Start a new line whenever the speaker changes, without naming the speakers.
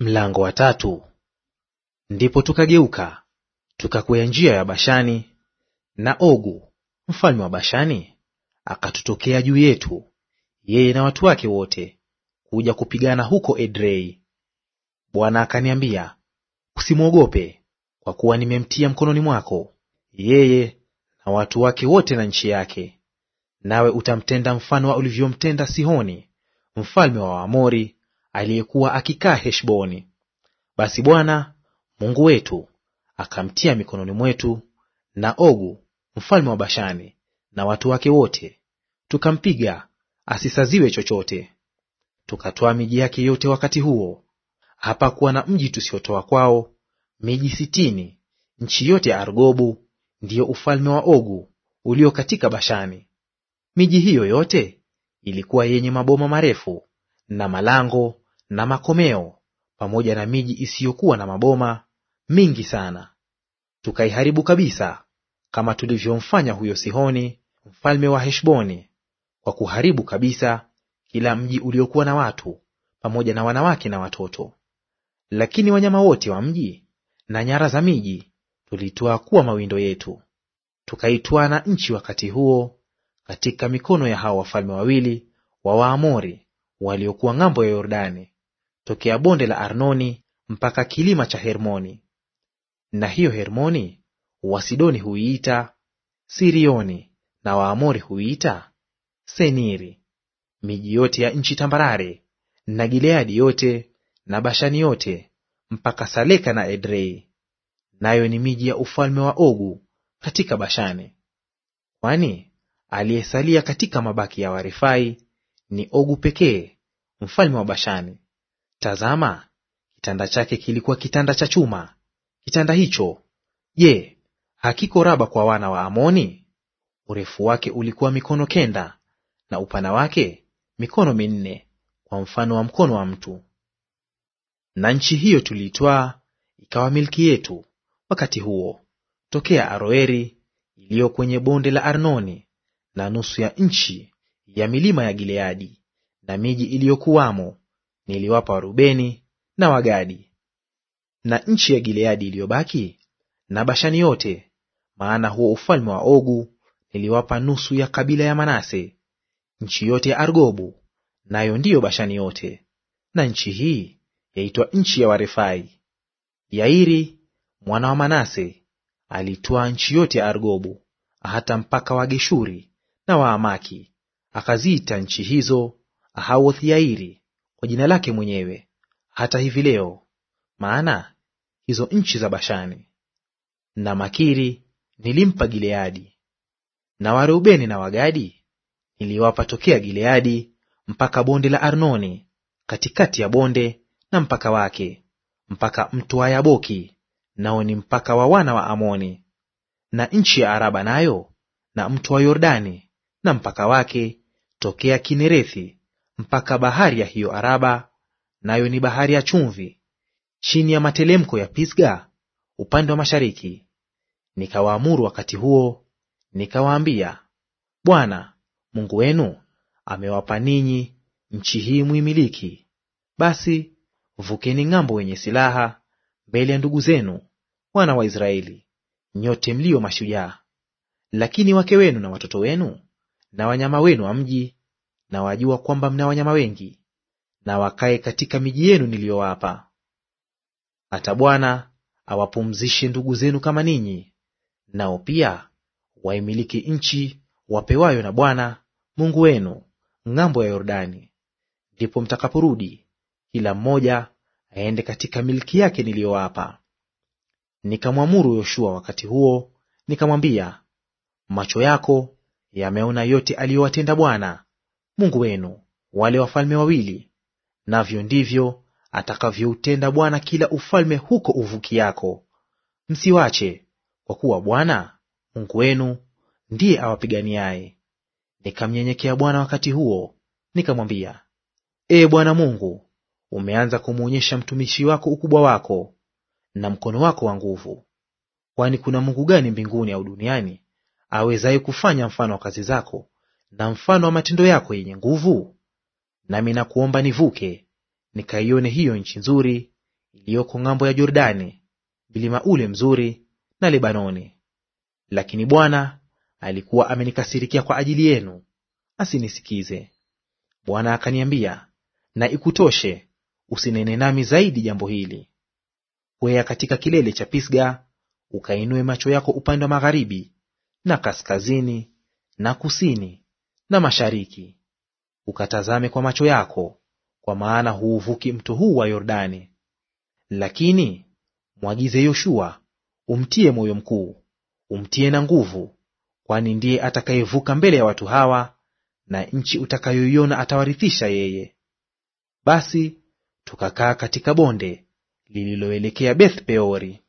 Mlango wa tatu. Ndipo tukageuka tukakwea njia ya Bashani, na Ogu mfalme wa Bashani akatutokea juu yetu, yeye na watu wake wote, kuja kupigana huko Edrei. Bwana akaniambia, usimwogope, kwa kuwa nimemtia mkononi mwako, yeye na watu wake wote na nchi yake, nawe utamtenda mfano wa ulivyomtenda Sihoni mfalme wa Waamori aliyekuwa akikaa Heshboni. Basi Bwana Mungu wetu akamtia mikononi mwetu na Ogu mfalme wa Bashani na watu wake wote, tukampiga asisaziwe chochote. Tukatoa miji yake yote wakati huo, hapakuwa na mji tusiotoa kwao, miji sitini, nchi yote ya Argobu ndiyo ufalme wa Ogu ulio katika Bashani. Miji hiyo yote ilikuwa yenye maboma marefu na malango na makomeo pamoja na miji isiyokuwa na maboma mingi sana, tukaiharibu kabisa, kama tulivyomfanya huyo Sihoni mfalme wa Heshboni, kwa kuharibu kabisa kila mji uliokuwa na watu pamoja na wanawake na watoto. Lakini wanyama wote wa mji na nyara za miji tulitoa kuwa mawindo yetu. Tukaitwana nchi wakati huo katika mikono ya hao wafalme wawili wa Waamori waliokuwa ng'ambo ya Yordani tokea bonde la Arnoni mpaka kilima cha Hermoni. Na hiyo Hermoni Wasidoni huiita Sirioni, na Waamori huiita Seniri. Miji yote ya nchi tambarare na Gileadi yote na Bashani yote mpaka Saleka na Edrei, nayo ni miji ya ufalme wa Ogu katika Bashani. Kwani aliyesalia katika mabaki ya Warefai ni Ogu pekee mfalme wa Bashani. Tazama, kitanda chake kilikuwa kitanda cha chuma. Kitanda hicho, je, hakiko Raba kwa wana wa Amoni? Urefu wake ulikuwa mikono kenda na upana wake mikono minne, kwa mfano wa mkono wa mtu. Na nchi hiyo tuliitwaa ikawa milki yetu wakati huo, tokea Aroeri iliyo kwenye bonde la Arnoni, na nusu ya nchi ya milima ya Gileadi, na miji iliyokuwamo niliwapa Warubeni na Wagadi. Na nchi ya Gileadi iliyobaki na Bashani yote, maana huo ufalme wa Ogu niliwapa nusu ya kabila ya Manase, nchi yote ya Argobu nayo ndiyo Bashani yote. Na nchi hii yaitwa nchi ya Warefai. Yairi mwana wa Manase alitwaa nchi yote ya Argobu hata mpaka wa Geshuri na Waamaki, akaziita nchi hizo Hawoth Yairi, kwa jina lake mwenyewe hata hivi leo, maana hizo nchi za Bashani. Na Makiri nilimpa Gileadi, na Wareubeni na Wagadi niliwapa tokea Gileadi mpaka bonde la Arnoni, katikati ya bonde na mpaka wake, mpaka mtu wa Yaboki, nao ni mpaka wa wana wa Amoni. Na nchi ya Araba nayo na mtu wa Yordani na mpaka wake tokea Kinerethi mpaka bahari ya hiyo Araba, nayo ni bahari ya chumvi, chini ya matelemko ya Pisga upande wa mashariki. Nikawaamuru wakati huo, nikawaambia, Bwana Mungu wenu amewapa ninyi nchi hii mwimiliki. Basi vukeni ng'ambo, wenye silaha, mbele ya ndugu zenu wana wa Israeli, nyote mlio mashujaa. Lakini wake wenu na watoto wenu na wanyama wenu wa mji na wajua kwamba mna wanyama wengi, na wakae katika miji yenu niliyowapa. Hata Bwana awapumzishe ndugu zenu kama ninyi, nao pia waimiliki nchi wapewayo na Bwana Mungu wenu ng'ambo ya Yordani. Ndipo mtakaporudi kila mmoja aende katika milki yake niliyowapa. Nikamwamuru Yoshua wakati huo, nikamwambia, macho yako yameona yote aliyowatenda Bwana Mungu wenu wale wafalme wawili, navyo ndivyo atakavyoutenda Bwana kila ufalme huko uvuki yako. Msiwache, kwa kuwa Bwana Mungu wenu ndiye awapiganiaye. Nikamnyenyekea Bwana wakati huo, nikamwambia, Ee Bwana Mungu, umeanza kumwonyesha mtumishi wako ukubwa wako na mkono wako wa nguvu. Kwani kuna Mungu gani mbinguni au duniani awezaye kufanya mfano wa kazi zako na mfano wa matendo yako yenye nguvu, nami nakuomba nivuke nikaione hiyo nchi nzuri iliyoko ng'ambo ya jordani mlima ule mzuri na Lebanoni. Lakini Bwana alikuwa amenikasirikia kwa ajili yenu, asinisikize. Bwana akaniambia, na ikutoshe, usinene nami zaidi jambo hili. Kwea katika kilele cha Pisga, ukainue macho yako upande wa magharibi na kaskazini na kusini, na mashariki, ukatazame kwa macho yako, kwa maana huuvuki mto huu wa Yordani. Lakini mwagize Yoshua, umtie moyo mkuu, umtie na nguvu, kwani ndiye atakayevuka mbele ya watu hawa, na nchi utakayoiona atawarithisha yeye. Basi tukakaa katika bonde lililoelekea Beth Peori.